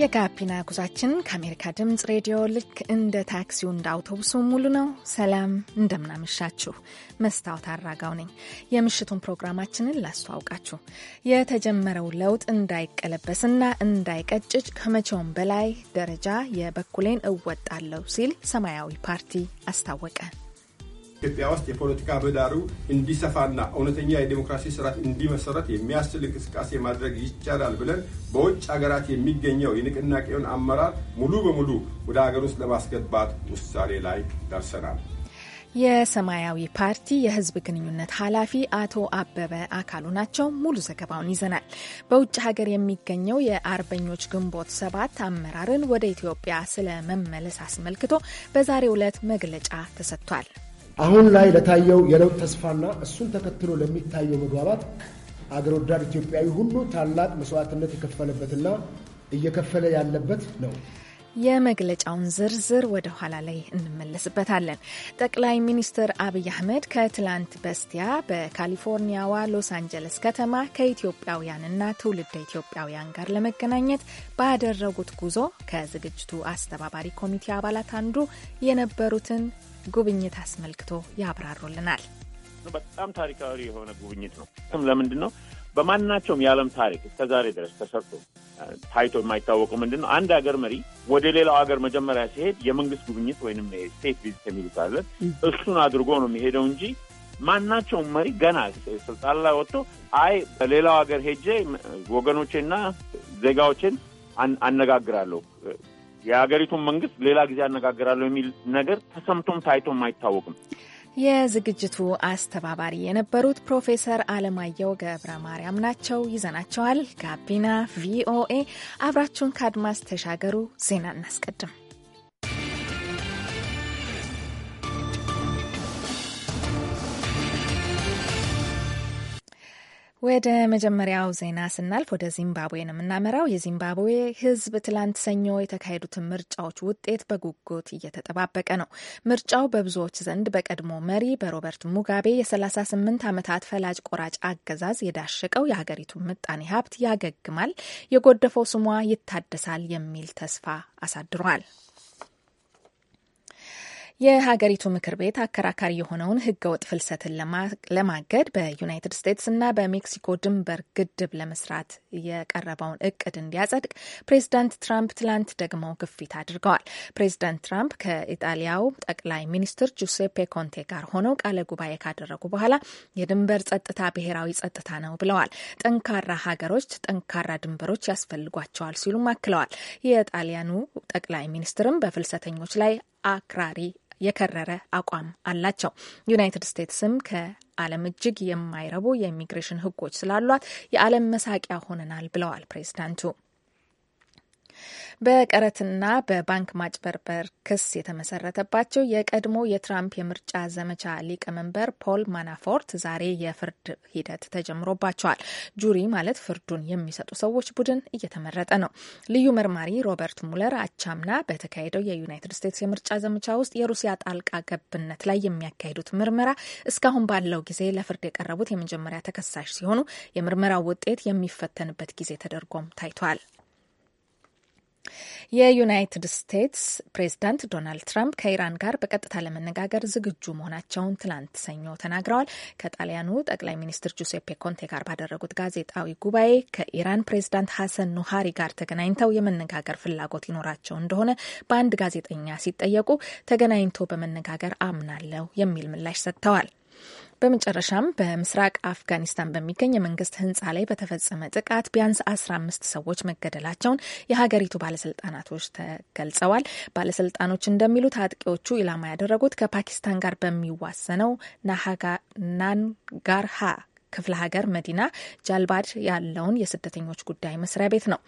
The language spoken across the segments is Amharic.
የጋቢና ጉዟችን ከአሜሪካ ድምፅ ሬዲዮ ልክ እንደ ታክሲው እንደ አውቶቡሱ ሙሉ ነው። ሰላም እንደምናመሻችሁ። መስታወት አራጋው ነኝ። የምሽቱን ፕሮግራማችንን ላስተዋውቃችሁ። የተጀመረው ለውጥ እንዳይቀለበስና እንዳይቀጭጭ ከመቼውም በላይ ደረጃ የበኩሌን እወጣለሁ ሲል ሰማያዊ ፓርቲ አስታወቀ። ኢትዮጵያ ውስጥ የፖለቲካ ምህዳሩ እንዲሰፋና እውነተኛ የዴሞክራሲ ስርዓት እንዲመሰረት የሚያስችል እንቅስቃሴ ማድረግ ይቻላል ብለን በውጭ ሀገራት የሚገኘው የንቅናቄውን አመራር ሙሉ በሙሉ ወደ ሀገር ውስጥ ለማስገባት ውሳኔ ላይ ደርሰናል። የሰማያዊ ፓርቲ የህዝብ ግንኙነት ኃላፊ አቶ አበበ አካሉ ናቸው። ሙሉ ዘገባውን ይዘናል። በውጭ ሀገር የሚገኘው የአርበኞች ግንቦት ሰባት አመራርን ወደ ኢትዮጵያ ስለ መመለስ አስመልክቶ በዛሬው ዕለት መግለጫ ተሰጥቷል። አሁን ላይ ለታየው የለውጥ ተስፋና እሱን ተከትሎ ለሚታየው መግባባት አገር ወዳድ ኢትዮጵያዊ ሁሉ ታላቅ መስዋዕትነት የከፈለበትና እየከፈለ ያለበት ነው። የመግለጫውን ዝርዝር ወደ ኋላ ላይ እንመለስበታለን። ጠቅላይ ሚኒስትር አብይ አህመድ ከትላንት በስቲያ በካሊፎርኒያዋ ሎስ አንጀለስ ከተማ ከኢትዮጵያውያንና ትውልደ ኢትዮጵያውያን ጋር ለመገናኘት ባደረጉት ጉዞ ከዝግጅቱ አስተባባሪ ኮሚቴ አባላት አንዱ የነበሩትን ጉብኝት አስመልክቶ ያብራሩልናል። በጣም ታሪካዊ የሆነ ጉብኝት ነው። ለምንድን ነው በማናቸውም የዓለም ታሪክ እስከዛሬ ድረስ ተሰርቶ ታይቶ የማይታወቀው ምንድን ነው? አንድ ሀገር መሪ ወደ ሌላው ሀገር መጀመሪያ ሲሄድ የመንግስት ጉብኝት ወይም ስቴት ቪዚት የሚሉት አለ። እሱን አድርጎ ነው የሚሄደው እንጂ ማናቸውም መሪ ገና ስልጣን ላይ ወጥቶ አይ በሌላው ሀገር ሄጄ ወገኖቼና ዜጋዎችን አነጋግራለሁ የሀገሪቱን መንግስት ሌላ ጊዜ ያነጋግራለሁ የሚል ነገር ተሰምቶም ታይቶም አይታወቅም። የዝግጅቱ አስተባባሪ የነበሩት ፕሮፌሰር አለማየሁ ገብረ ማርያም ናቸው። ይዘናቸዋል። ጋቢና ቪኦኤ አብራችሁን ከአድማስ ተሻገሩ። ዜና እናስቀድም። ወደ መጀመሪያው ዜና ስናልፍ ወደ ዚምባብዌ ነው የምናመራው። የዚምባብዌ ሕዝብ ትላንት ሰኞ የተካሄዱትን ምርጫዎች ውጤት በጉጉት እየተጠባበቀ ነው። ምርጫው በብዙዎች ዘንድ በቀድሞ መሪ በሮበርት ሙጋቤ የ38 ዓመታት ፈላጭ ቆራጭ አገዛዝ የዳሸቀው የሀገሪቱን ምጣኔ ሀብት ያገግማል፣ የጎደፈው ስሟ ይታደሳል የሚል ተስፋ አሳድሯል። የሀገሪቱ ምክር ቤት አከራካሪ የሆነውን ህገወጥ ፍልሰትን ለማገድ በዩናይትድ ስቴትስ እና በሜክሲኮ ድንበር ግድብ ለመስራት የቀረበውን እቅድ እንዲያጸድቅ ፕሬዚዳንት ትራምፕ ትላንት ደግሞ ግፊት አድርገዋል። ፕሬዚዳንት ትራምፕ ከኢጣሊያው ጠቅላይ ሚኒስትር ጁሴፔ ኮንቴ ጋር ሆነው ቃለ ጉባኤ ካደረጉ በኋላ የድንበር ጸጥታ ብሔራዊ ጸጥታ ነው ብለዋል። ጠንካራ ሀገሮች ጠንካራ ድንበሮች ያስፈልጓቸዋል ሲሉም አክለዋል። የጣሊያኑ ጠቅላይ ሚኒስትርም በፍልሰተኞች ላይ አክራሪ የከረረ አቋም አላቸው። ዩናይትድ ስቴትስም ከዓለም እጅግ የማይረቡ የኢሚግሬሽን ሕጎች ስላሏት የዓለም መሳቂያ ሆነናል ብለዋል ፕሬዚዳንቱ። በቀረትና በባንክ ማጭበርበር ክስ የተመሰረተባቸው የቀድሞ የትራምፕ የምርጫ ዘመቻ ሊቀመንበር ፖል ማናፎርት ዛሬ የፍርድ ሂደት ተጀምሮባቸዋል። ጁሪ ማለት ፍርዱን የሚሰጡ ሰዎች ቡድን እየተመረጠ ነው። ልዩ መርማሪ ሮበርት ሙለር አቻምና በተካሄደው የዩናይትድ ስቴትስ የምርጫ ዘመቻ ውስጥ የሩሲያ ጣልቃ ገብነት ላይ የሚያካሂዱት ምርመራ እስካሁን ባለው ጊዜ ለፍርድ የቀረቡት የመጀመሪያ ተከሳሽ ሲሆኑ የምርመራው ውጤት የሚፈተንበት ጊዜ ተደርጎም ታይቷል። የዩናይትድ ስቴትስ ፕሬዝዳንት ዶናልድ ትራምፕ ከኢራን ጋር በቀጥታ ለመነጋገር ዝግጁ መሆናቸውን ትላንት ሰኞ ተናግረዋል። ከጣሊያኑ ጠቅላይ ሚኒስትር ጁሴፔ ኮንቴ ጋር ባደረጉት ጋዜጣዊ ጉባኤ ከኢራን ፕሬዝዳንት ሀሰን ኑሃሪ ጋር ተገናኝተው የመነጋገር ፍላጎት ይኖራቸው እንደሆነ በአንድ ጋዜጠኛ ሲጠየቁ ተገናኝቶ በመነጋገር አምናለሁ የሚል ምላሽ ሰጥተዋል። በመጨረሻም በምስራቅ አፍጋኒስታን በሚገኝ የመንግስት ህንፃ ላይ በተፈጸመ ጥቃት ቢያንስ አስራ አምስት ሰዎች መገደላቸውን የሀገሪቱ ባለስልጣናቶች ተገልጸዋል። ባለስልጣኖች እንደሚሉት አጥቂዎቹ ኢላማ ያደረጉት ከፓኪስታን ጋር በሚዋሰነው ናንጋርሃ ክፍለ ሀገር መዲና ጃልባድ ያለውን የስደተኞች ጉዳይ መስሪያ ቤት ነው።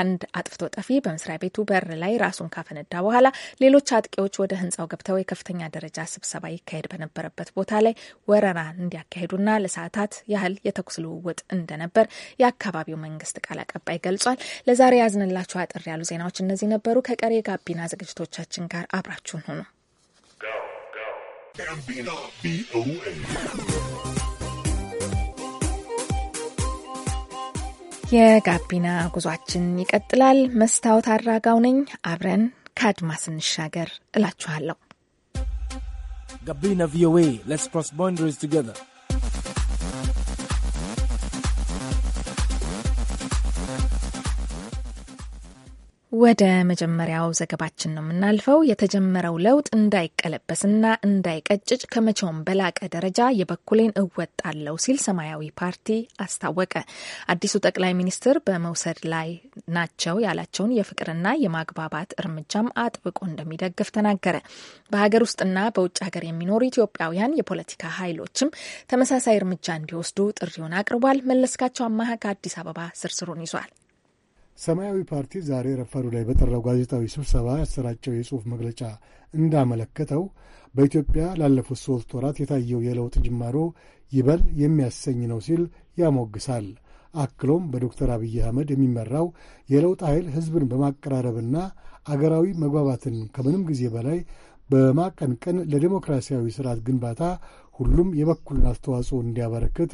አንድ አጥፍቶ ጠፊ በመስሪያ ቤቱ በር ላይ ራሱን ካፈነዳ በኋላ ሌሎች አጥቂዎች ወደ ህንፃው ገብተው የከፍተኛ ደረጃ ስብሰባ ይካሄድ በነበረበት ቦታ ላይ ወረራ እንዲያካሄዱና ለሰዓታት ያህል የተኩስ ልውውጥ እንደነበር የአካባቢው መንግስት ቃል አቀባይ ገልጿል። ለዛሬ ያዝንላችሁ አጠር ያሉ ዜናዎች እነዚህ ነበሩ። ከቀሪ ጋቢና ዝግጅቶቻችን ጋር አብራችሁን ሁኑ። የጋቢና ጉዟችን ይቀጥላል። መስታወት አድራጋው ነኝ። አብረን ከአድማስ እንሻገር እላችኋለሁ። ጋቢና ቪኦኤ ስ ፕሮስ ባውንደሪስ ቱገር ወደ መጀመሪያው ዘገባችን ነው የምናልፈው። የተጀመረው ለውጥ እንዳይቀለበስና እንዳይቀጭጭ ከመቼውም በላቀ ደረጃ የበኩሌን አለው ሲል ሰማያዊ ፓርቲ አስታወቀ። አዲሱ ጠቅላይ ሚኒስትር በመውሰድ ላይ ናቸው ያላቸውን የፍቅርና የማግባባት እርምጃም አጥብቆ እንደሚደግፍ ተናገረ። በሀገር ውስጥና በውጭ ሀገር የሚኖሩ ኢትዮጵያውያን የፖለቲካ ኃይሎችም ተመሳሳይ እርምጃ እንዲወስዱ ጥሪውን አቅርቧል። መለስካቸው አማሃ ከአዲስ አበባ ዝርዝሩን ይዟል። ሰማያዊ ፓርቲ ዛሬ ረፋዱ ላይ በጠራው ጋዜጣዊ ስብሰባ ያሰራጨው የጽሑፍ መግለጫ እንዳመለከተው በኢትዮጵያ ላለፉት ሦስት ወራት የታየው የለውጥ ጅማሮ ይበል የሚያሰኝ ነው ሲል ያሞግሳል። አክሎም በዶክተር አብይ አህመድ የሚመራው የለውጥ ኃይል ሕዝብን በማቀራረብና አገራዊ መግባባትን ከምንም ጊዜ በላይ በማቀንቀን ለዴሞክራሲያዊ ስርዓት ግንባታ ሁሉም የበኩሉን አስተዋጽኦ እንዲያበረክት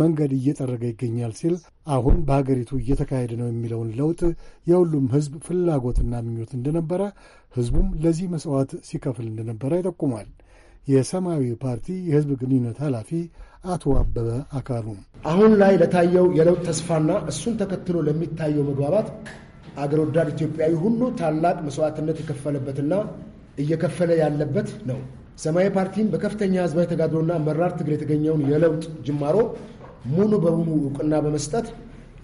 መንገድ እየጠረገ ይገኛል ሲል አሁን በሀገሪቱ እየተካሄደ ነው የሚለውን ለውጥ የሁሉም ሕዝብ ፍላጎትና ምኞት እንደነበረ፣ ሕዝቡም ለዚህ መስዋዕት ሲከፍል እንደነበረ ይጠቁማል። የሰማያዊ ፓርቲ የሕዝብ ግንኙነት ኃላፊ አቶ አበበ አካሉ አሁን ላይ ለታየው የለውጥ ተስፋና እሱን ተከትሎ ለሚታየው መግባባት አገር ወዳድ ኢትዮጵያዊ ሁሉ ታላቅ መስዋዕትነት የከፈለበትና እየከፈለ ያለበት ነው። ሰማያዊ ፓርቲም በከፍተኛ ህዝባዊ ተጋድሎና መራር ትግል የተገኘውን የለውጥ ጅማሮ ሙሉ በሙሉ እውቅና በመስጠት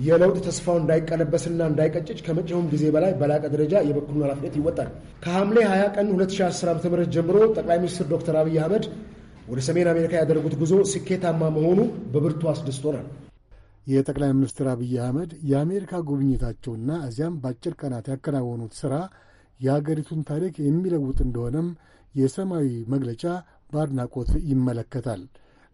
የለውጥ ተስፋው እንዳይቀለበስና እንዳይቀጭጭ ከመጪውም ጊዜ በላይ በላቀ ደረጃ የበኩሉን ኃላፊነት ይወጣል። ከሐምሌ 20 ቀን 2010 ዓ ም ጀምሮ ጠቅላይ ሚኒስትር ዶክተር አብይ አህመድ ወደ ሰሜን አሜሪካ ያደረጉት ጉዞ ስኬታማ መሆኑ በብርቱ አስደስቶናል። የጠቅላይ ሚኒስትር አብይ አህመድ የአሜሪካ ጉብኝታቸውና እዚያም በአጭር ቀናት ያከናወኑት ሥራ የሀገሪቱን ታሪክ የሚለውጥ እንደሆነም የሰማያዊ መግለጫ በአድናቆት ይመለከታል።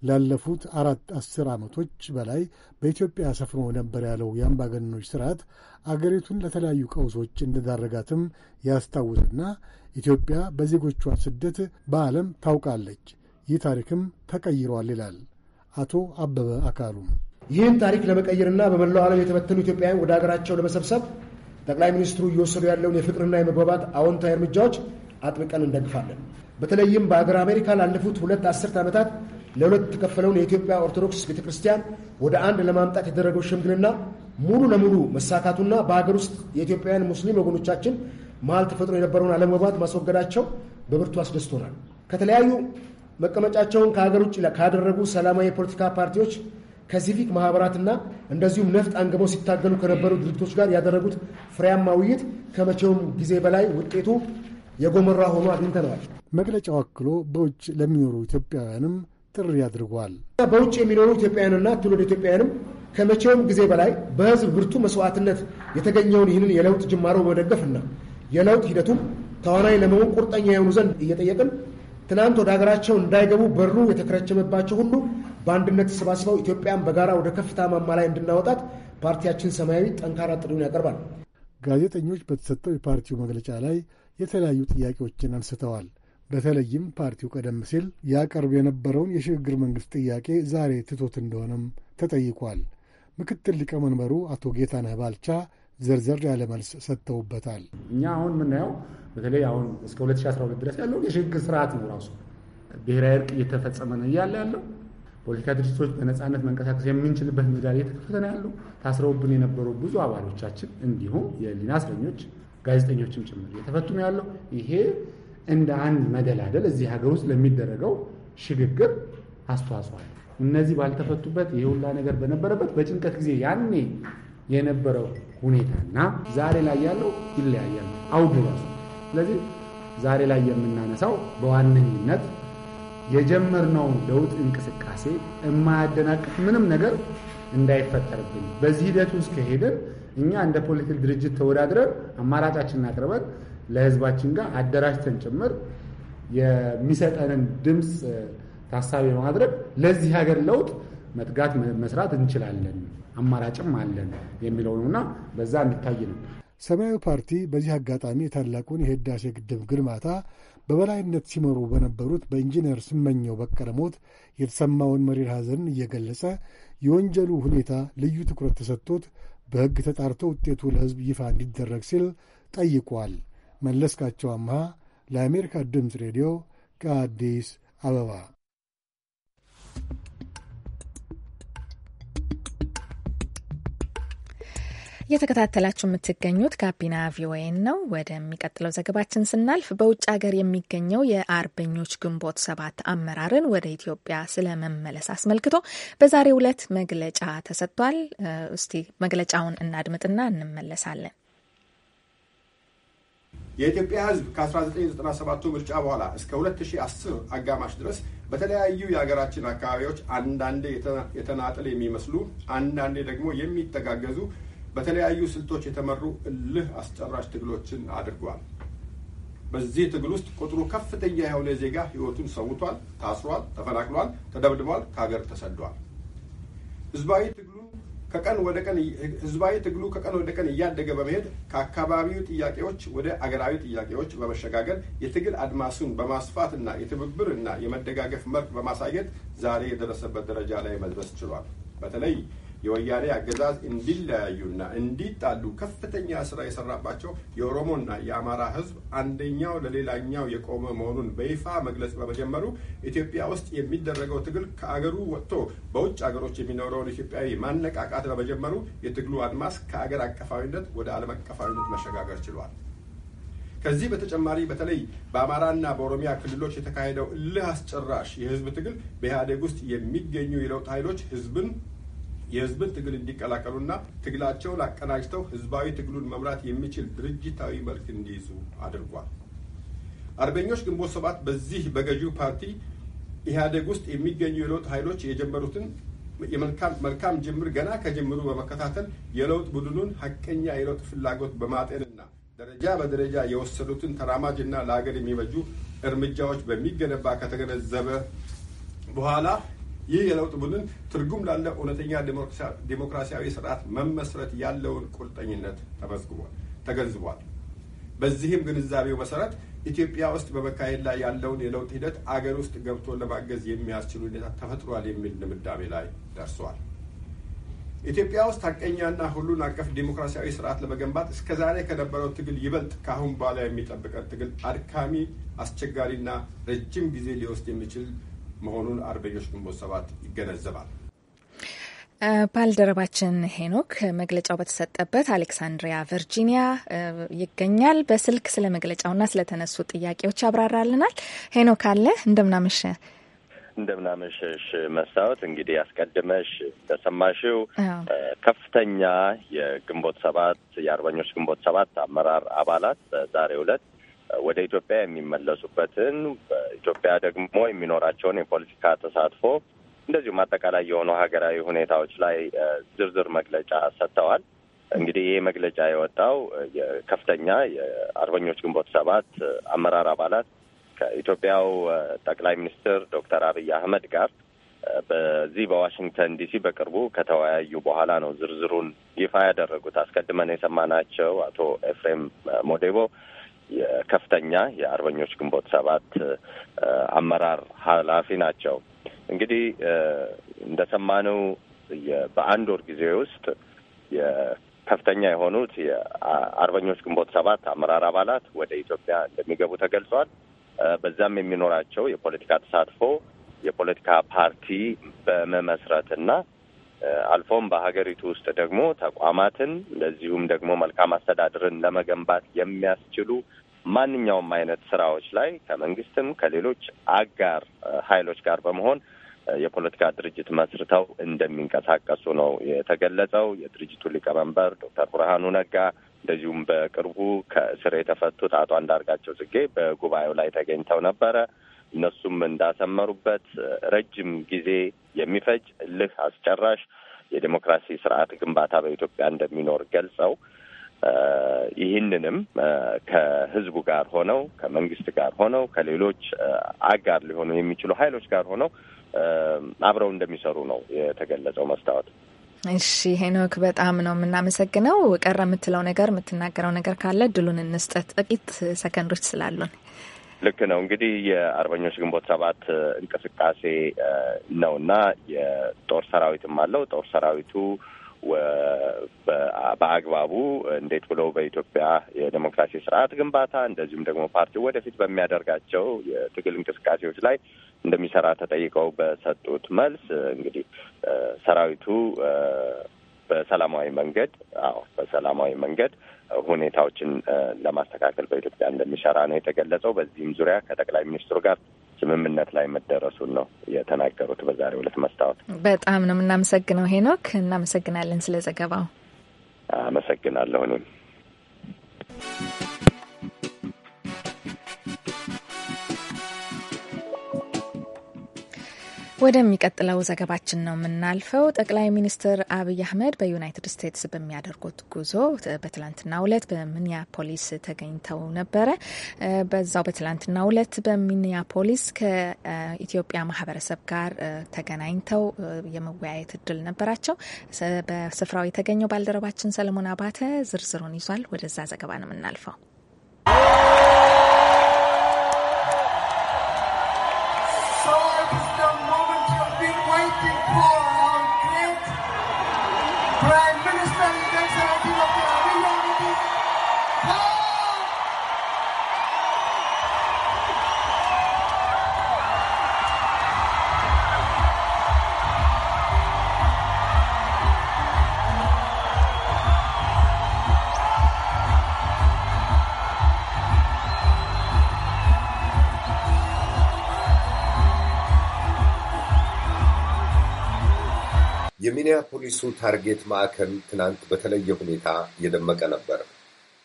ላለፉት አራት አስር ዓመቶች በላይ በኢትዮጵያ ሰፍኖ ነበር ያለው የአምባገነኖች ስርዓት አገሪቱን ለተለያዩ ቀውሶች እንደዳረጋትም ያስታውስና ኢትዮጵያ በዜጎቿ ስደት በዓለም ታውቃለች፣ ይህ ታሪክም ተቀይሯል ይላል አቶ አበበ አካሉ። ይህን ታሪክ ለመቀየርና በመላው ዓለም የተበተኑ ኢትዮጵያውያን ወደ አገራቸው ለመሰብሰብ ጠቅላይ ሚኒስትሩ እየወሰዱ ያለውን የፍቅርና የመግባባት አዎንታዊ እርምጃዎች አጥብቀን እንደግፋለን። በተለይም በአገር አሜሪካ ላለፉት ሁለት አስርት ዓመታት ለሁለት የተከፈለውን የኢትዮጵያ ኦርቶዶክስ ቤተ ክርስቲያን ወደ አንድ ለማምጣት የተደረገው ሽምግልና ሙሉ ለሙሉ መሳካቱና በሀገር ውስጥ የኢትዮጵያውያን ሙስሊም ወገኖቻችን መሀል ተፈጥሮ የነበረውን አለመግባባት ማስወገዳቸው በብርቱ አስደስቶናል። ከተለያዩ መቀመጫቸውን ከሀገር ውጭ ካደረጉ ሰላማዊ የፖለቲካ ፓርቲዎች ከሲቪክ ማህበራትና እንደዚሁም ነፍጥ አንግበው ሲታገሉ ከነበሩ ድርጅቶች ጋር ያደረጉት ፍሬያማ ውይይት ከመቼውም ጊዜ በላይ ውጤቱ የጎመራ ሆኖ አግኝተነዋል። መግለጫው አክሎ በውጭ ለሚኖሩ ኢትዮጵያውያንም ጥሪ አድርጓል። በውጭ የሚኖሩ ኢትዮጵያውያንና ትውልድ ኢትዮጵያውያንም ከመቼውም ጊዜ በላይ በህዝብ ብርቱ መስዋዕትነት የተገኘውን ይህንን የለውጥ ጅማሮ በመደገፍና የለውጥ ሂደቱም ተዋናይ ለመሆን ቁርጠኛ የሆኑ ዘንድ እየጠየቅን ትናንት ወደ ሀገራቸው እንዳይገቡ በሩ የተከረቸመባቸው ሁሉ በአንድነት ተሰባስበው ኢትዮጵያን በጋራ ወደ ከፍታ ማማ ላይ እንድናወጣት ፓርቲያችን ሰማያዊ ጠንካራ ጥሪውን ያቀርባል። ጋዜጠኞች በተሰጠው የፓርቲው መግለጫ ላይ የተለያዩ ጥያቄዎችን አንስተዋል። በተለይም ፓርቲው ቀደም ሲል ያቀርብ የነበረውን የሽግግር መንግሥት ጥያቄ ዛሬ ትቶት እንደሆነም ተጠይቋል። ምክትል ሊቀመንበሩ አቶ ጌታነህ ባልቻ ዘርዘር ያለ መልስ ሰጥተውበታል። እኛ አሁን የምናየው በተለይ አሁን እስከ 2012 ድረስ ያለውን የሽግግር ስርዓት ነው። ራሱ ብሔራዊ እርቅ እየተፈጸመ ነው እያለ ያለው ፖለቲካ ድርጅቶች በነፃነት መንቀሳቀስ የምንችልበት ምህዳር እየተከፈተ ነው ያለው። ታስረውብን የነበሩ ብዙ አባሎቻችን እንዲሁም የህሊና እስረኞች ጋዜጠኞችም ጭምር እየተፈቱም ያለው። ይሄ እንደ አንድ መደላደል እዚህ ሀገር ውስጥ ለሚደረገው ሽግግር አስተዋጽኦ አለ። እነዚህ ባልተፈቱበት ይህ ሁላ ነገር በነበረበት በጭንቀት ጊዜ ያኔ የነበረው ሁኔታና ዛሬ ላይ ያለው ይለያያል አውዱ ራሱ። ስለዚህ ዛሬ ላይ የምናነሳው በዋነኝነት የጀመርነውን ለውጥ እንቅስቃሴ የማያደናቅፍ ምንም ነገር እንዳይፈጠርብን በዚህ ሂደት ውስጥ ከሄደን እኛ እንደ ፖለቲክ ድርጅት ተወዳድረን አማራጫችንን አቅርበን ለህዝባችን ጋር አደራጅተን ጭምር የሚሰጠንን ድምፅ ታሳቢ በማድረግ ለዚህ ሀገር ለውጥ መትጋት መስራት እንችላለን፣ አማራጭም አለን የሚለው ነውና በዛ እንዲታይ ነው። ሰማያዊ ፓርቲ በዚህ አጋጣሚ የታላቁን የህዳሴ ግድብ ግንባታ በበላይነት ሲመሩ በነበሩት በኢንጂነር ስመኘው በቀለ ሞት የተሰማውን መሪር ሐዘን እየገለጸ የወንጀሉ ሁኔታ ልዩ ትኩረት ተሰጥቶት በሕግ ተጣርቶ ውጤቱ ለሕዝብ ይፋ እንዲደረግ ሲል ጠይቋል። መለስካቸው አምሃ ለአሜሪካ ድምፅ ሬዲዮ ከአዲስ አበባ እየተከታተላችሁ የምትገኙት ጋቢና ቪኦኤ ነው። ወደሚቀጥለው ዘገባችን ስናልፍ በውጭ ሀገር የሚገኘው የአርበኞች ግንቦት ሰባት አመራርን ወደ ኢትዮጵያ ስለመመለስ አስመልክቶ በዛሬው ዕለት መግለጫ ተሰጥቷል። እስቲ መግለጫውን እናድምጥና እንመለሳለን። የኢትዮጵያ ሕዝብ ከ1997 ምርጫ በኋላ እስከ 2010 አጋማሽ ድረስ በተለያዩ የሀገራችን አካባቢዎች አንዳንዴ የተናጠል የሚመስሉ አንዳንዴ ደግሞ የሚተጋገዙ በተለያዩ ስልቶች የተመሩ እልህ አስጨራሽ ትግሎችን አድርጓል። በዚህ ትግል ውስጥ ቁጥሩ ከፍተኛ የሆነ ዜጋ ህይወቱን ሰውቷል፣ ታስሯል፣ ተፈናቅሏል፣ ተደብድቧል፣ ከሀገር ተሰዷል። ህዝባዊ ትግሉ ከቀን ወደ ቀን ህዝባዊ ትግሉ ከቀን ወደ ቀን እያደገ በመሄድ ከአካባቢው ጥያቄዎች ወደ አገራዊ ጥያቄዎች በመሸጋገር የትግል አድማሱን በማስፋትና የትብብር እና የመደጋገፍ መልክ በማሳየት ዛሬ የደረሰበት ደረጃ ላይ መድረስ ችሏል። በተለይ የወያኔ አገዛዝ እንዲለያዩና እንዲጣሉ ከፍተኛ ስራ የሰራባቸው የኦሮሞና የአማራ ህዝብ አንደኛው ለሌላኛው የቆመ መሆኑን በይፋ መግለጽ በመጀመሩ ኢትዮጵያ ውስጥ የሚደረገው ትግል ከአገሩ ወጥቶ በውጭ አገሮች የሚኖረውን ኢትዮጵያዊ ማነቃቃት በመጀመሩ የትግሉ አድማስ ከአገር አቀፋዊነት ወደ ዓለም አቀፋዊነት መሸጋገር ችሏል። ከዚህ በተጨማሪ በተለይ በአማራና በኦሮሚያ ክልሎች የተካሄደው እልህ አስጨራሽ የህዝብ ትግል በኢህአዴግ ውስጥ የሚገኙ የለውጥ ኃይሎች ህዝብን የህዝብን ትግል እንዲቀላቀሉና ትግላቸውን አቀናጅተው ህዝባዊ ትግሉን መምራት የሚችል ድርጅታዊ መልክ እንዲይዙ አድርጓል። አርበኞች ግንቦት ሰባት በዚህ በገዢው ፓርቲ ኢህአዴግ ውስጥ የሚገኙ የለውጥ ኃይሎች የጀመሩትን መልካም ጅምር ገና ከጅምሩ በመከታተል የለውጥ ቡድኑን ሀቀኛ የለውጥ ፍላጎት በማጤንና ደረጃ በደረጃ የወሰዱትን ተራማጅና ለሀገር የሚበጁ እርምጃዎች በሚገነባ ከተገነዘበ በኋላ ይህ የለውጥ ቡድን ትርጉም ላለ እውነተኛ ዴሞክራሲያዊ ስርዓት መመስረት ያለውን ቁርጠኝነት ተመዝግቧል ተገንዝቧል። በዚህም ግንዛቤው መሰረት ኢትዮጵያ ውስጥ በመካሄድ ላይ ያለውን የለውጥ ሂደት አገር ውስጥ ገብቶ ለማገዝ የሚያስችል ሁኔታ ተፈጥሯል የሚል ድምዳሜ ላይ ደርሰዋል። ኢትዮጵያ ውስጥ ሀቀኛና ሁሉን አቀፍ ዴሞክራሲያዊ ስርዓት ለመገንባት እስከዛሬ ከነበረው ትግል ይበልጥ ከአሁን በኋላ የሚጠብቀን ትግል አድካሚ፣ አስቸጋሪና ረጅም ጊዜ ሊወስድ የሚችል መሆኑን አርበኞች ግንቦት ሰባት ይገነዘባል። ባልደረባችን ሄኖክ መግለጫው በተሰጠበት አሌክሳንድሪያ ቨርጂኒያ ይገኛል። በስልክ ስለ መግለጫውና ስለተነሱ ጥያቄዎች ያብራራልናል። ሄኖክ አለ እንደምናመሸ እንደምናመሸሽ መስታወት እንግዲህ ያስቀድመሽ እንደሰማሽው ከፍተኛ የግንቦት ሰባት የአርበኞች ግንቦት ሰባት አመራር አባላት በዛሬው ዕለት ወደ ኢትዮጵያ የሚመለሱበትን በኢትዮጵያ ደግሞ የሚኖራቸውን የፖለቲካ ተሳትፎ እንደዚሁም አጠቃላይ የሆኑ ሀገራዊ ሁኔታዎች ላይ ዝርዝር መግለጫ ሰጥተዋል። እንግዲህ ይህ መግለጫ የወጣው የከፍተኛ የአርበኞች ግንቦት ሰባት አመራር አባላት ከኢትዮጵያው ጠቅላይ ሚኒስትር ዶክተር አብይ አህመድ ጋር በዚህ በዋሽንግተን ዲሲ በቅርቡ ከተወያዩ በኋላ ነው ዝርዝሩን ይፋ ያደረጉት። አስቀድመን የሰማናቸው አቶ ኤፍሬም ሞዴቦ የከፍተኛ የአርበኞች ግንቦት ሰባት አመራር ኃላፊ ናቸው። እንግዲህ እንደሰማነው በአንድ ወር ጊዜ ውስጥ ከፍተኛ የሆኑት የአርበኞች ግንቦት ሰባት አመራር አባላት ወደ ኢትዮጵያ እንደሚገቡ ተገልጿል። በዛም የሚኖራቸው የፖለቲካ ተሳትፎ የፖለቲካ ፓርቲ በመመስረትና አልፎም በሀገሪቱ ውስጥ ደግሞ ተቋማትን እንደዚሁም ደግሞ መልካም አስተዳደርን ለመገንባት የሚያስችሉ ማንኛውም አይነት ስራዎች ላይ ከመንግስትም ከሌሎች አጋር ኃይሎች ጋር በመሆን የፖለቲካ ድርጅት መስርተው እንደሚንቀሳቀሱ ነው የተገለጸው። የድርጅቱ ሊቀመንበር ዶክተር ብርሃኑ ነጋ እንደዚሁም በቅርቡ ከእስር የተፈቱት አቶ አንዳርጋቸው ጽጌ በጉባኤው ላይ ተገኝተው ነበረ። እነሱም እንዳሰመሩበት ረጅም ጊዜ የሚፈጅ እልህ አስጨራሽ የዴሞክራሲ ስርዓት ግንባታ በኢትዮጵያ እንደሚኖር ገልጸው ይህንንም ከህዝቡ ጋር ሆነው ከመንግስት ጋር ሆነው ከሌሎች አጋር ሊሆኑ የሚችሉ ኃይሎች ጋር ሆነው አብረው እንደሚሰሩ ነው የተገለጸው። መስታወት እሺ ሄኖክ፣ በጣም ነው የምናመሰግነው። ቀረ የምትለው ነገር የምትናገረው ነገር ካለ ድሉን እንስጠት፣ ጥቂት ሰከንዶች ስላሉን። ልክ ነው እንግዲህ የአርበኞች ግንቦት ሰባት እንቅስቃሴ ነው ና የጦር ሰራዊትም አለው። ጦር ሰራዊቱ በአግባቡ እንዴት ብሎ በኢትዮጵያ የዴሞክራሲ ስርዓት ግንባታ እንደዚሁም ደግሞ ፓርቲው ወደፊት በሚያደርጋቸው የትግል እንቅስቃሴዎች ላይ እንደሚሰራ ተጠይቀው በሰጡት መልስ እንግዲህ ሰራዊቱ በሰላማዊ መንገድ አዎ በሰላማዊ መንገድ ሁኔታዎችን ለማስተካከል በኢትዮጵያ እንደሚሰራ ነው የተገለጸው። በዚህም ዙሪያ ከጠቅላይ ሚኒስትሩ ጋር ስምምነት ላይ መደረሱን ነው የተናገሩት በዛሬው ዕለት። መስታወት በጣም ነው የምናመሰግነው ሄኖክ፣ እናመሰግናለን ስለ ዘገባው። አመሰግናለሁ እኔም ወደሚቀጥለው ዘገባችን ነው የምናልፈው። ጠቅላይ ሚኒስትር አብይ አህመድ በዩናይትድ ስቴትስ በሚያደርጉት ጉዞ በትላንትናው ዕለት በሚኒያፖሊስ ተገኝተው ነበረ። በዛው በትላንትናው ዕለት በሚኒያፖሊስ ከኢትዮጵያ ማህበረሰብ ጋር ተገናኝተው የመወያየት እድል ነበራቸው። በስፍራው የተገኘው ባልደረባችን ሰለሞን አባተ ዝርዝሩን ይዟል። ወደዛ ዘገባ ነው የምናልፈው። Prime Minister, of Prime Minister, የሚኒያፖሊሱ ታርጌት ማዕከል ትናንት በተለየ ሁኔታ የደመቀ ነበር።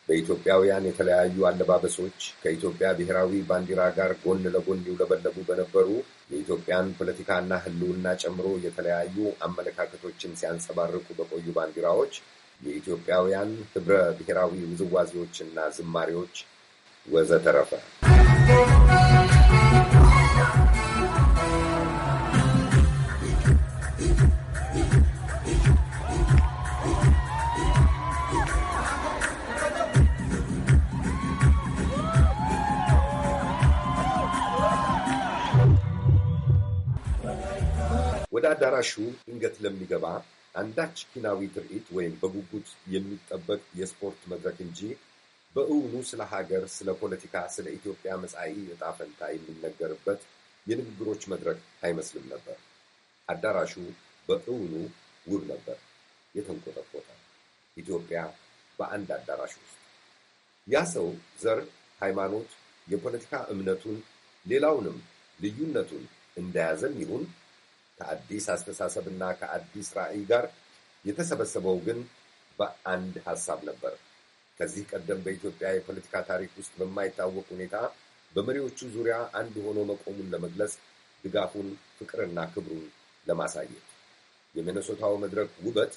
በኢትዮጵያውያን የተለያዩ አለባበሶች ከኢትዮጵያ ብሔራዊ ባንዲራ ጋር ጎን ለጎን ይውለበለቡ በነበሩ የኢትዮጵያን ፖለቲካና ሕልውና ጨምሮ የተለያዩ አመለካከቶችን ሲያንጸባርቁ በቆዩ ባንዲራዎች የኢትዮጵያውያን ህብረ ብሔራዊ ውዝዋዜዎችና ዝማሬዎች ወዘተረፈ ወደ አዳራሹ ድንገት ለሚገባ አንዳች ኪናዊ ትርኢት ወይም በጉጉት የሚጠበቅ የስፖርት መድረክ እንጂ በእውኑ ስለ ሀገር፣ ስለ ፖለቲካ፣ ስለ ኢትዮጵያ መጻኢ ዕጣ ፈንታ የሚነገርበት የንግግሮች መድረክ አይመስልም ነበር። አዳራሹ በእውኑ ውብ ነበር፣ የተንቆጠቆጠ ኢትዮጵያ በአንድ አዳራሽ ውስጥ። ያ ሰው ዘር፣ ሃይማኖት፣ የፖለቲካ እምነቱን ሌላውንም ልዩነቱን እንደያዘም ይሁን ከአዲስ አስተሳሰብና ከአዲስ ራዕይ ጋር የተሰበሰበው ግን በአንድ ሀሳብ ነበር። ከዚህ ቀደም በኢትዮጵያ የፖለቲካ ታሪክ ውስጥ በማይታወቅ ሁኔታ በመሪዎቹ ዙሪያ አንድ ሆኖ መቆሙን ለመግለጽ ድጋፉን፣ ፍቅርና ክብሩን ለማሳየት የሚነሶታው መድረክ ውበት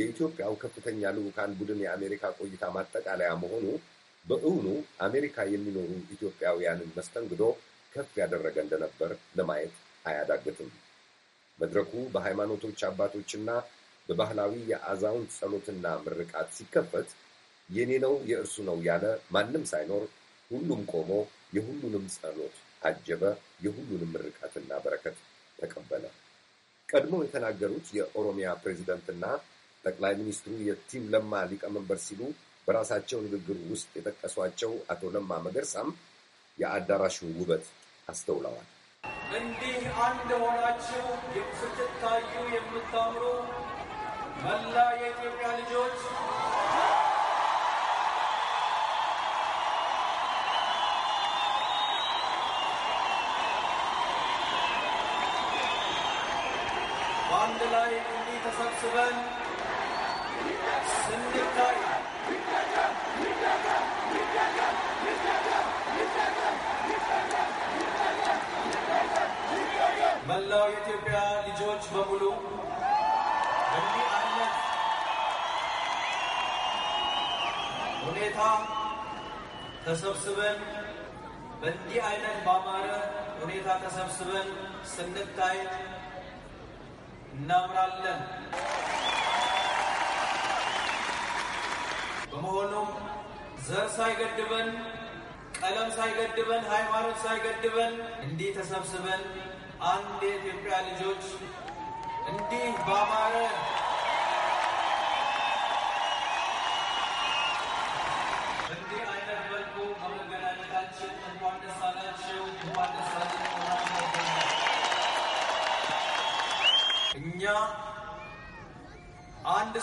የኢትዮጵያው ከፍተኛ ልዑካን ቡድን የአሜሪካ ቆይታ ማጠቃለያ መሆኑ በእውኑ አሜሪካ የሚኖሩ ኢትዮጵያውያንን መስተንግዶ ከፍ ያደረገ እንደነበር ለማየት አያዳግትም። መድረኩ በሃይማኖቶች አባቶችና በባህላዊ የአዛውንት ጸሎትና ምርቃት ሲከፈት የኔ ነው የእርሱ ነው ያለ ማንም ሳይኖር ሁሉም ቆሞ የሁሉንም ጸሎት አጀበ፣ የሁሉንም ምርቃትና በረከት ተቀበለ። ቀድሞ የተናገሩት የኦሮሚያ ፕሬዚደንትና ጠቅላይ ሚኒስትሩ የቲም ለማ ሊቀመንበር ሲሉ በራሳቸው ንግግር ውስጥ የጠቀሷቸው አቶ ለማ መገርሳም የአዳራሹን ውበት አስተውለዋል። እንዲህ አንድ ሆናችሁ ስትታዩ የምታምሩ መላ የኢትዮጵያ ልጆች በአንድ ላይ እንዲህ ተሰብስበን ሁኔታ ተሰብስበን በእንዲህ አይነት ባማረ ሁኔታ ተሰብስበን ስንታይ እናምራለን። በመሆኑም ዘር ሳይገድበን፣ ቀለም ሳይገድበን፣ ሃይማኖት ሳይገድበን እንዲህ ተሰብስበን አንድ የኢትዮጵያ ልጆች እንዲህ ባማረ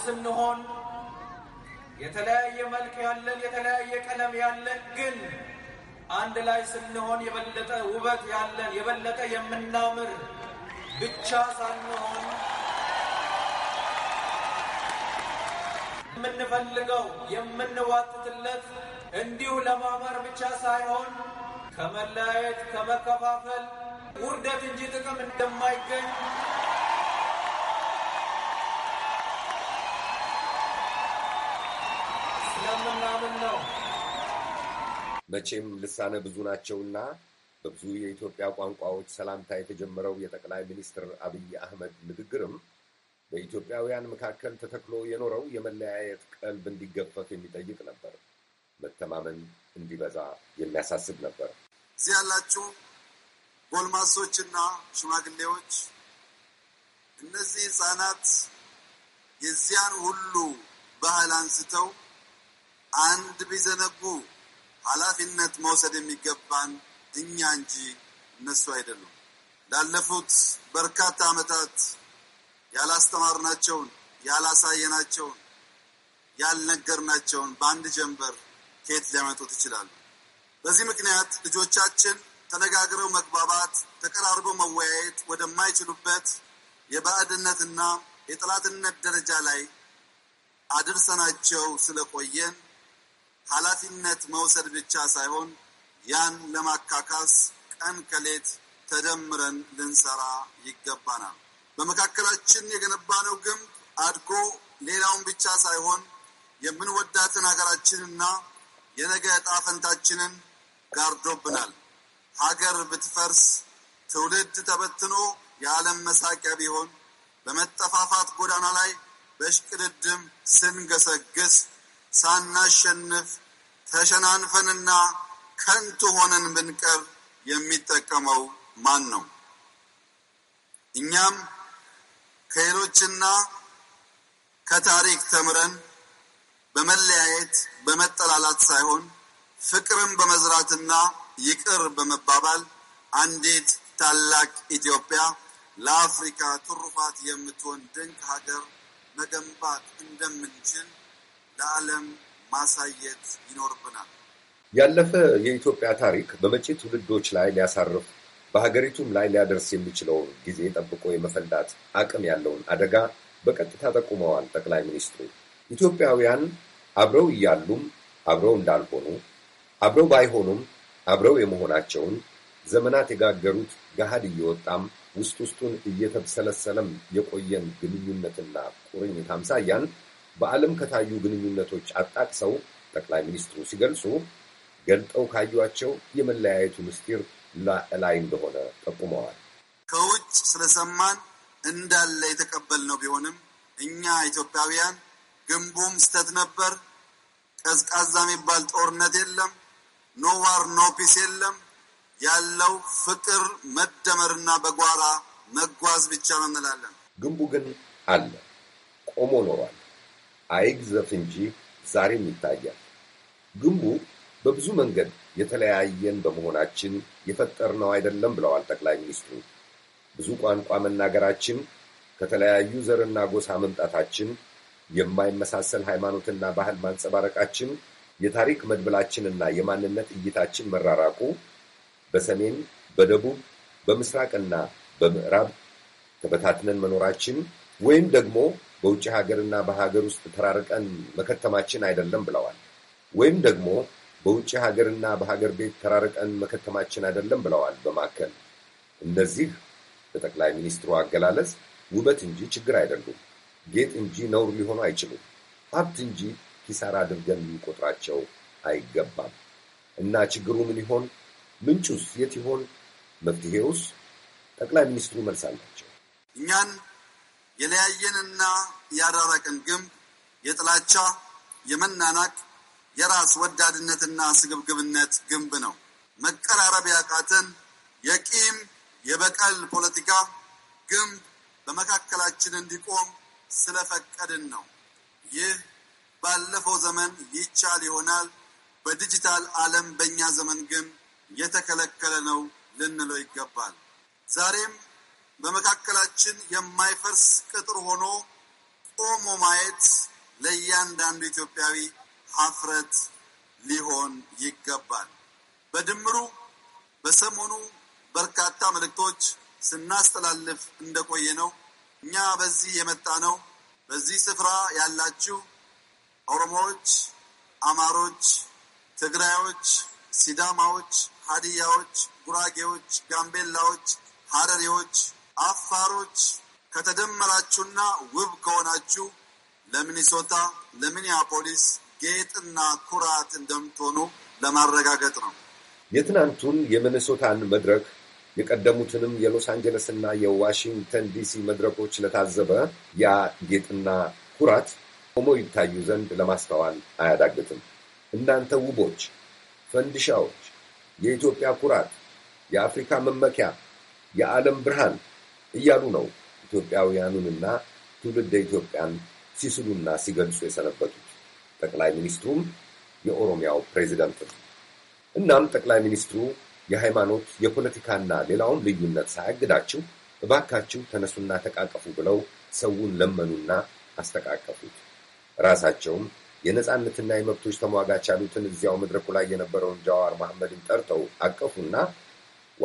ስንሆን የተለያየ መልክ ያለን የተለያየ ቀለም ያለን ግን አንድ ላይ ስንሆን የበለጠ ውበት ያለን የበለጠ የምናምር ብቻ ሳንሆን የምንፈልገው የምንዋትትለት እንዲሁ ለማማር ብቻ ሳይሆን ከመለያየት ከመከፋፈል ውርደት እንጂ ጥቅም እንደማይገኝ መቼም ልሳነ ብዙ ናቸውና በብዙ የኢትዮጵያ ቋንቋዎች ሰላምታ የተጀመረው የጠቅላይ ሚኒስትር አብይ አህመድ ንግግርም በኢትዮጵያውያን መካከል ተተክሎ የኖረው የመለያየት ቀልብ እንዲገፈፍ የሚጠይቅ ነበር። መተማመን እንዲበዛ የሚያሳስብ ነበር። እዚህ ያላችሁ ጎልማሶችና ሽማግሌዎች፣ እነዚህ ህፃናት የዚያን ሁሉ ባህል አንስተው አንድ ቢዘነጉ ኃላፊነት መውሰድ የሚገባን እኛ እንጂ እነሱ አይደሉም። ላለፉት በርካታ ዓመታት ያላስተማርናቸውን፣ ያላሳየናቸውን፣ ያልነገርናቸውን በአንድ ጀንበር ከየት ሊያመጡት ይችላሉ? በዚህ ምክንያት ልጆቻችን ተነጋግረው መግባባት፣ ተቀራርበው መወያየት ወደማይችሉበት የባዕድነትና የጥላትነት ደረጃ ላይ አድርሰናቸው ስለቆየን ኃላፊነት መውሰድ ብቻ ሳይሆን ያን ለማካካስ ቀን ከሌት ተደምረን ልንሰራ ይገባናል። በመካከላችን የገነባነው ግንብ አድጎ ሌላውን ብቻ ሳይሆን የምንወዳትን ሀገራችንና የነገ ዕጣ ፈንታችንን ጋርዶብናል። ሀገር ብትፈርስ ትውልድ ተበትኖ የዓለም መሳቂያ ቢሆን በመጠፋፋት ጎዳና ላይ በሽቅድድም ስንገሰግስ ሳናሸንፍ ተሸናንፈንና ከንቱ ሆነን ብንቀር የሚጠቀመው ማን ነው? እኛም ከሌሎችና ከታሪክ ተምረን በመለያየት በመጠላላት ሳይሆን ፍቅርን በመዝራትና ይቅር በመባባል አንዲት ታላቅ ኢትዮጵያ ለአፍሪካ ትሩፋት የምትሆን ድንቅ ሀገር መገንባት እንደምንችል ለዓለም ማሳየት ይኖርብናል። ያለፈ የኢትዮጵያ ታሪክ በመጪ ትውልዶች ላይ ሊያሳርፍ በሀገሪቱም ላይ ሊያደርስ የሚችለውን ጊዜ ጠብቆ የመፈንዳት አቅም ያለውን አደጋ በቀጥታ ጠቁመዋል ጠቅላይ ሚኒስትሩ። ኢትዮጵያውያን አብረው እያሉም አብረው እንዳልሆኑ፣ አብረው ባይሆኑም አብረው የመሆናቸውን ዘመናት የጋገሩት ገሃድ እየወጣም ውስጥ ውስጡን እየተብሰለሰለም የቆየን ግንኙነትና ቁርኝት አምሳያን በዓለም ከታዩ ግንኙነቶች አጣቅሰው ጠቅላይ ሚኒስትሩ ሲገልጹ ገልጠው ካዩቸው የመለያየቱ ምስጢር ላይ እንደሆነ ጠቁመዋል። ከውጭ ስለሰማን እንዳለ የተቀበልነው ቢሆንም እኛ ኢትዮጵያውያን ግንቡም ስተት ነበር፣ ቀዝቃዛ የሚባል ጦርነት የለም፣ ኖ ዋር ኖ ፒስ የለም፣ ያለው ፍቅር መደመርና በጓራ መጓዝ ብቻ ነው እንላለን። ግንቡ ግን አለ፣ ቆሞ ኖሯል። አይግ ዘፍ እንጂ ዛሬም ይታያል። ግንቡ በብዙ መንገድ የተለያየን በመሆናችን የፈጠርነው አይደለም ብለዋል ጠቅላይ ሚኒስትሩ። ብዙ ቋንቋ መናገራችን፣ ከተለያዩ ዘርና ጎሳ መምጣታችን፣ የማይመሳሰል ሃይማኖትና ባህል ማንጸባረቃችን፣ የታሪክ መድብላችንና የማንነት እይታችን መራራቁ በሰሜን በደቡብ በምስራቅና በምዕራብ ተበታትነን መኖራችን ወይም ደግሞ በውጭ ሀገርና በሀገር ውስጥ ተራርቀን መከተማችን አይደለም ብለዋል። ወይም ደግሞ በውጭ ሀገርና በሀገር ቤት ተራርቀን መከተማችን አይደለም ብለዋል። በማከል እነዚህ በጠቅላይ ሚኒስትሩ አገላለጽ ውበት እንጂ ችግር አይደሉም፣ ጌጥ እንጂ ነውር ሊሆኑ አይችሉም፣ ሀብት እንጂ ኪሳራ አድርገን ልንቆጥራቸው አይገባም። እና ችግሩ ምን ይሆን? ምንጩስ የት ይሆን? መፍትሄውስ? ጠቅላይ ሚኒስትሩ መልስ አላቸው። እኛን የለያየንና ያራራቅን ግንብ የጥላቻ የመናናቅ የራስ ወዳድነትና ስግብግብነት ግንብ ነው። መቀራረብ ያቃተን የቂም የበቀል ፖለቲካ ግንብ በመካከላችን እንዲቆም ስለፈቀድን ነው። ይህ ባለፈው ዘመን ይቻል ይሆናል፣ በዲጂታል ዓለም በእኛ ዘመን ግን የተከለከለ ነው ልንለው ይገባል። ዛሬም በመካከላችን የማይፈርስ ቅጥር ሆኖ ቆሞ ማየት ለእያንዳንዱ ኢትዮጵያዊ አፍረት ሊሆን ይገባል። በድምሩ በሰሞኑ በርካታ መልእክቶች ስናስተላልፍ እንደቆየ ነው። እኛ በዚህ የመጣ ነው። በዚህ ስፍራ ያላችሁ ኦሮሞዎች፣ አማሮች፣ ትግራዮች፣ ሲዳማዎች፣ ሀዲያዎች፣ ጉራጌዎች፣ ጋምቤላዎች፣ ሀረሪዎች አፋሮች ከተደመራችሁና ውብ ከሆናችሁ ለሚኒሶታ፣ ለሚኒያፖሊስ ጌጥና ኩራት እንደምትሆኑ ለማረጋገጥ ነው። የትናንቱን የሚኒሶታን መድረክ የቀደሙትንም የሎስ አንጀለስና የዋሽንግተን ዲሲ መድረኮች ለታዘበ ያ ጌጥና ኩራት ቆሞ ይታዩ ዘንድ ለማስተዋል አያዳግትም። እናንተ ውቦች፣ ፈንዲሻዎች፣ የኢትዮጵያ ኩራት፣ የአፍሪካ መመኪያ፣ የዓለም ብርሃን እያሉ ነው ኢትዮጵያውያኑንና ትውልደ ኢትዮጵያን ሲስሉና ሲገልጹ የሰነበቱት ጠቅላይ ሚኒስትሩም የኦሮሚያው ፕሬዚደንት ነው። እናም ጠቅላይ ሚኒስትሩ የሃይማኖት የፖለቲካና ሌላውን ልዩነት ሳያግዳችሁ እባካችሁ ተነሱና ተቃቀፉ ብለው ሰውን ለመኑና አስተቃቀፉት። ራሳቸውም የነፃነትና የመብቶች ተሟጋች ያሉትን እዚያው መድረኩ ላይ የነበረውን ጃዋር መሐመድን ጠርተው አቀፉና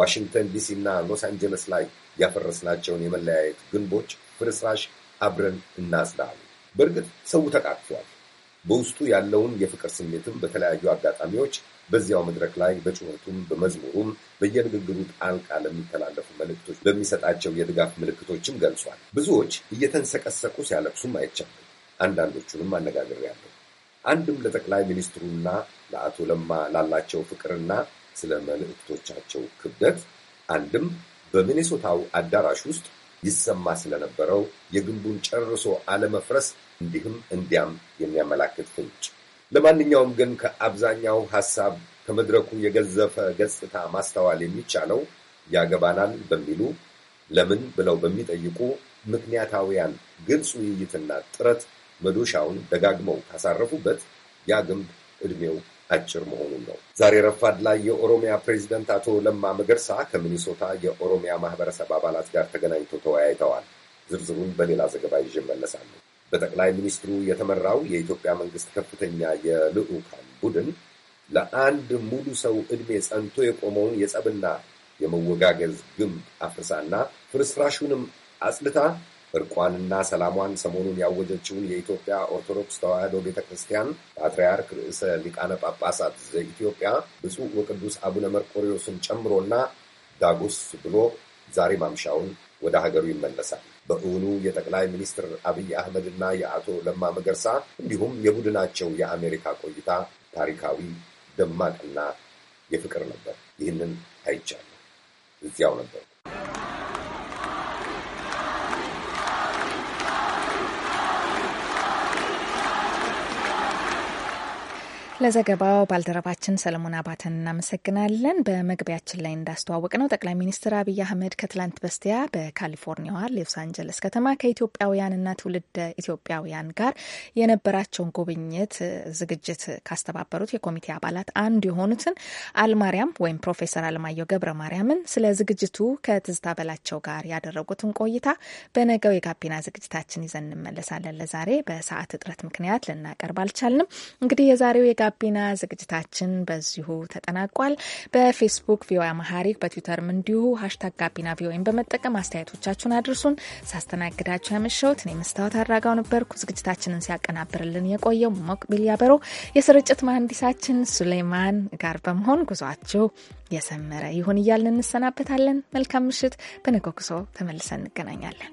ዋሽንግተን ዲሲ እና ሎስ አንጀለስ ላይ ያፈረስናቸውን የመለያየት ግንቦች ፍርስራሽ አብረን እናጽዳሉ። በእርግጥ ሰው ተቃቅፏል። በውስጡ ያለውን የፍቅር ስሜትም በተለያዩ አጋጣሚዎች በዚያው መድረክ ላይ በጩኸቱም በመዝሙሩም በየንግግሩ ጣልቃ ለሚተላለፉ መልእክቶች በሚሰጣቸው የድጋፍ ምልክቶችም ገልጿል። ብዙዎች እየተንሰቀሰቁ ሲያለቅሱም አይቻልም። አንዳንዶቹንም አነጋግሬያለሁ። አንድም ለጠቅላይ ሚኒስትሩና ለአቶ ለማ ላላቸው ፍቅርና ስለ መልእክቶቻቸው ክብደት አንድም በሚኔሶታው አዳራሽ ውስጥ ይሰማ ስለነበረው የግንቡን ጨርሶ አለመፍረስ እንዲህም እንዲያም የሚያመላክት ፍንጭ። ለማንኛውም ግን ከአብዛኛው ሐሳብ ከመድረኩ የገዘፈ ገጽታ ማስተዋል የሚቻለው ያገባናል በሚሉ ለምን ብለው በሚጠይቁ ምክንያታውያን ግልጽ ውይይትና ጥረት መዶሻውን ደጋግመው ካሳረፉበት ያ ግንብ ዕድሜው አጭር መሆኑን ነው። ዛሬ ረፋድ ላይ የኦሮሚያ ፕሬዚደንት አቶ ለማ መገርሳ ከሚኒሶታ የኦሮሚያ ማህበረሰብ አባላት ጋር ተገናኝተው ተወያይተዋል። ዝርዝሩን በሌላ ዘገባ ይዤ እመለሳለሁ። በጠቅላይ ሚኒስትሩ የተመራው የኢትዮጵያ መንግስት ከፍተኛ የልዑካን ቡድን ለአንድ ሙሉ ሰው ዕድሜ ጸንቶ የቆመውን የጸብና የመወጋገዝ ግንብ አፍርሳና ፍርስራሹንም አጽልታ እርቋንና ሰላሟን ሰሞኑን ያወጀችውን የኢትዮጵያ ኦርቶዶክስ ተዋሕዶ ቤተ ክርስቲያን ፓትርያርክ ርዕሰ ሊቃነ ጳጳሳት ዘኢትዮጵያ ብፁዕ ወቅዱስ አቡነ መርቆሪዎስን ጨምሮና ዳጉስ ብሎ ዛሬ ማምሻውን ወደ ሀገሩ ይመለሳል። በእውኑ የጠቅላይ ሚኒስትር አብይ አህመድና የአቶ ለማ መገርሳ እንዲሁም የቡድናቸው የአሜሪካ ቆይታ ታሪካዊ ደማቅና የፍቅር ነበር። ይህንን አይቻለሁ። እዚያው ነበር። ለዘገባው ባልደረባችን ሰለሞን አባተን እናመሰግናለን። በመግቢያችን ላይ እንዳስተዋወቅ ነው ጠቅላይ ሚኒስትር አብይ አህመድ ከትላንት በስቲያ በካሊፎርኒያዋ ሎስ አንጀለስ ከተማ ከኢትዮጵያውያንና ትውልድ ኢትዮጵያውያን ጋር የነበራቸውን ጉብኝት ዝግጅት ካስተባበሩት የኮሚቴ አባላት አንዱ የሆኑትን አልማርያም ወይም ፕሮፌሰር አለማየሁ ገብረ ማርያምን ስለ ዝግጅቱ ከትዝታ በላቸው ጋር ያደረጉትን ቆይታ በነገው የጋቢና ዝግጅታችን ይዘን እንመለሳለን። ለዛሬ በሰዓት እጥረት ምክንያት ልናቀርብ አልቻልንም። እንግዲህ የዛሬው ጋቢና ዝግጅታችን በዚሁ ተጠናቋል። በፌስቡክ ቪኦኤ አማሃሪክ በትዊተርም እንዲሁ ሀሽታግ ጋቢና ቪኦኤን በመጠቀም አስተያየቶቻችሁን አድርሱን። ሳስተናግዳችሁ ያመሸሁት እኔ መስታወት አድራጋው ነበርኩ። ዝግጅታችንን ሲያቀናብርልን የቆየው ሞቅቢል ያበሮ፣ የስርጭት መሀንዲሳችን ሱሌማን ጋር በመሆን ጉዟችሁ የሰመረ ይሁን እያልን እንሰናበታለን። መልካም ምሽት። በነገው ጉዞ ተመልሰን እንገናኛለን።